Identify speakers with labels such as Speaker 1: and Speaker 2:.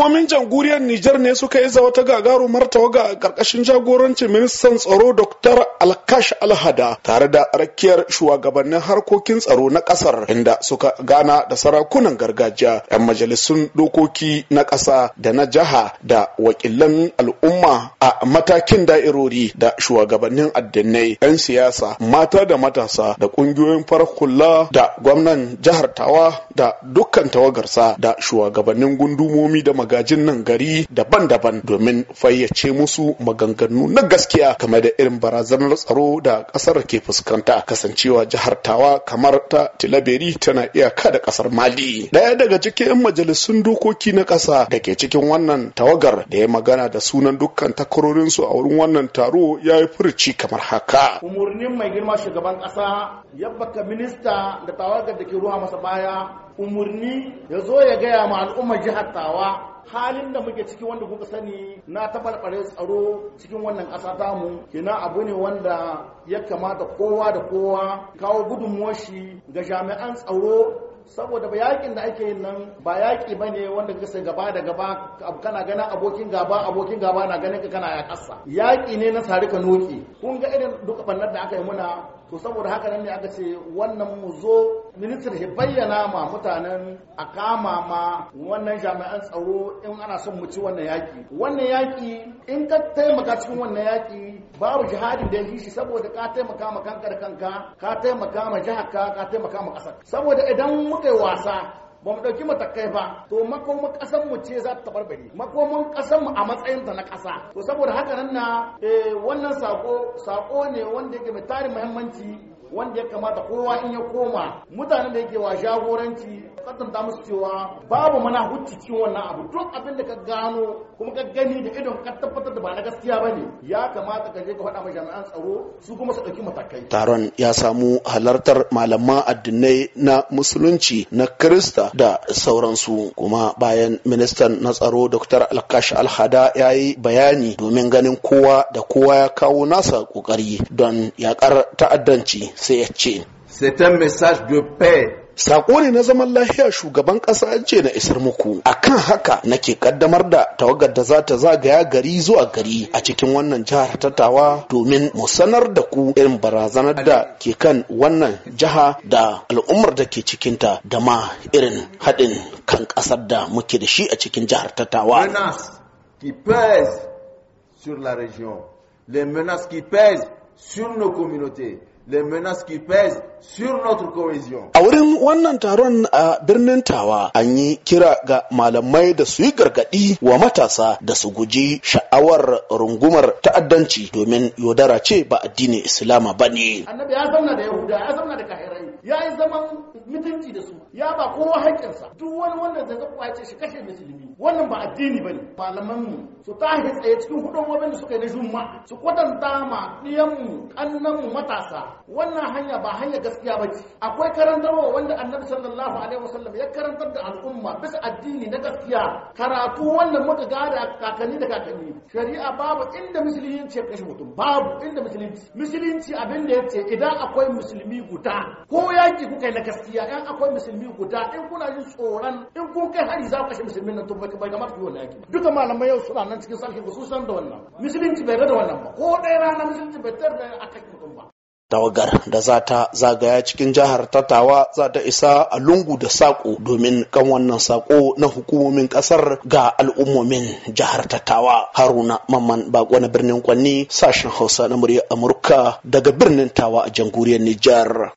Speaker 1: Hukumomin jamhuriyar Nijar ne suka yi wata gagarumar tawaga a ƙarƙashin jagorancin ministan tsaro Dr. Alkash Alhada tare da rakiyar shugabannin harkokin tsaro na ƙasar inda suka gana da sarakunan gargajiya 'yan majalisun dokoki na ƙasa da na jiha da wakilan al'umma a matakin da'irori da shugabannin addinai 'yan siyasa mata da matasa da ƙungiyoyin farkula da gwamnan jihar Tawa da dukkan tawagarsa da shugabannin gundumomi da magajin nan gari daban-daban domin fayyace musu maganganu na gaskiya game da irin barazanar tsaro da kasar ke fuskanta kasancewa jihar tawa kamar ta tilaberi tana iyaka da kasar mali daya daga cikin majalisun dokoki na kasa da ke cikin wannan tawagar da ya magana da sunan dukkan takarorinsu a wurin wannan taro ya yi furci kamar haka
Speaker 2: umarnin mai girma shugaban kasa yabbaka minista da tawagar da ke ruwa masa baya umarni ya zo ya gaya ma al'ummar jihar tawa halin da muke ciki wanda kuka sani na tabarbare tsaro cikin wannan ƙasa tamu kina abu ne wanda ya kamata kowa da kowa kawo gudunmuwar shi ga jami'an tsaro saboda ba yakin da ake yin nan ba yaƙi ba ne wanda kasa gaba da gaba kana ganin abokin gaba abokin gaba na ganin ka kana ya kasa yaki ne na tsari ka noki kun ga irin duka bannar da aka yi muna to saboda haka nan ne aka ce wannan mu zo ministan ya bayyana ma mutanen a kama ma wannan jami'an tsaro in ana son mu ci wannan yaki wannan yaki in ka taimaka cikin wannan yaki babu jihadin da yi shi saboda ka taimaka ma kankar kanka ka taimaka ma jihar ka ka taimaka ma kasar saboda idan muka yi wasa ba mu ɗauki matakai ba to makomar ƙasar mu ce za ta tabarbare makoman ƙasar mu a matsayin ta na ƙasa to saboda haka nan na eh, wannan sako sako ne wanda yake mai tarin muhimmanci wanda ya kamata kowa in ya koma mutanen da yake wa jagoranci katanta musu cewa babu mana hucci cikin wannan abu duk abin da ka gano kuma ka gani da idon ka tabbatar da ba na gaskiya ba ne ya kamata ka je ka faɗa ma jami'an tsaro su kuma su ɗauki matakai.
Speaker 1: taron ya samu halartar malaman addinai na musulunci na kirista da sauransu kuma bayan ministan na tsaro dr alkash alhada ya yi bayani domin ganin kowa da kowa ya kawo nasa kokari don yakar ta'addanci sai ya ce C'est un message de paix Sako ne na zaman lafiya shugaban ƙasa an ce na isar muku. Akan haka nake kaddamar da tawagar da za ta zagaya gari zuwa gari a cikin wannan jihar tattawa domin mu sanar da ku irin barazanar da ke kan wannan jiha da al'ummar da ke cikinta da ma irin haɗin kan ƙasar da muke da shi a cikin jihar tattawa. qui sur la région, les menaces qui pèsent sur nos communautés, les menaces qui pèsent sur notre cohésion. A wurin wannan taron a birnin Tawa an yi kira ga malamai da su yi gargaɗi wa matasa da su guji sha'awar rungumar ta'addanci domin yaudara ce ba addinin Islama ba ne.
Speaker 2: Annabi ya zauna da Yahuda, ya zauna da Kahirai, ya yi zaman mutunci da su, ya ba kowa haƙƙinsa. Duk wani wanda zai ce shi kashe musulmi. wannan ba addini bane malaman mu su tashi tsaye cikin hudun wabin da suka yi na juma su kwatanta ma ɗiyan mu kannan mu matasa wannan hanya ba hanya gaskiya ba ce akwai karantarwa wanda annabi sallallahu alaihi wasallam ya karantar da al'umma bisa addini na gaskiya karatu wannan muka gada kakanni da kakanni shari'a babu inda musulunci ya kashe mutum babu inda musulunci musulunci abin da ya ce idan akwai musulmi guda ko yaki kuka yi na gaskiya in akwai musulmi guda in kuna yin tsoron in kun kai hari za ku kashe musulmin nan tumbar ka bai kamata ku yi wannan aikin duka malamai yau suna nan cikin sarki ba su san da wannan musulunci bai ga da wannan ba ko ɗaya rana musulunci bai tar da akan mutum
Speaker 1: ba tawagar da za ta zagaya cikin jihar tattawa za ta isa a lungu da sako domin kan wannan sako na hukumomin kasar ga al'ummomin jihar tattawa haruna mamman bako na birnin kwanni sashen hausa na murya amurka daga birnin tawa a jamhuriyar nijar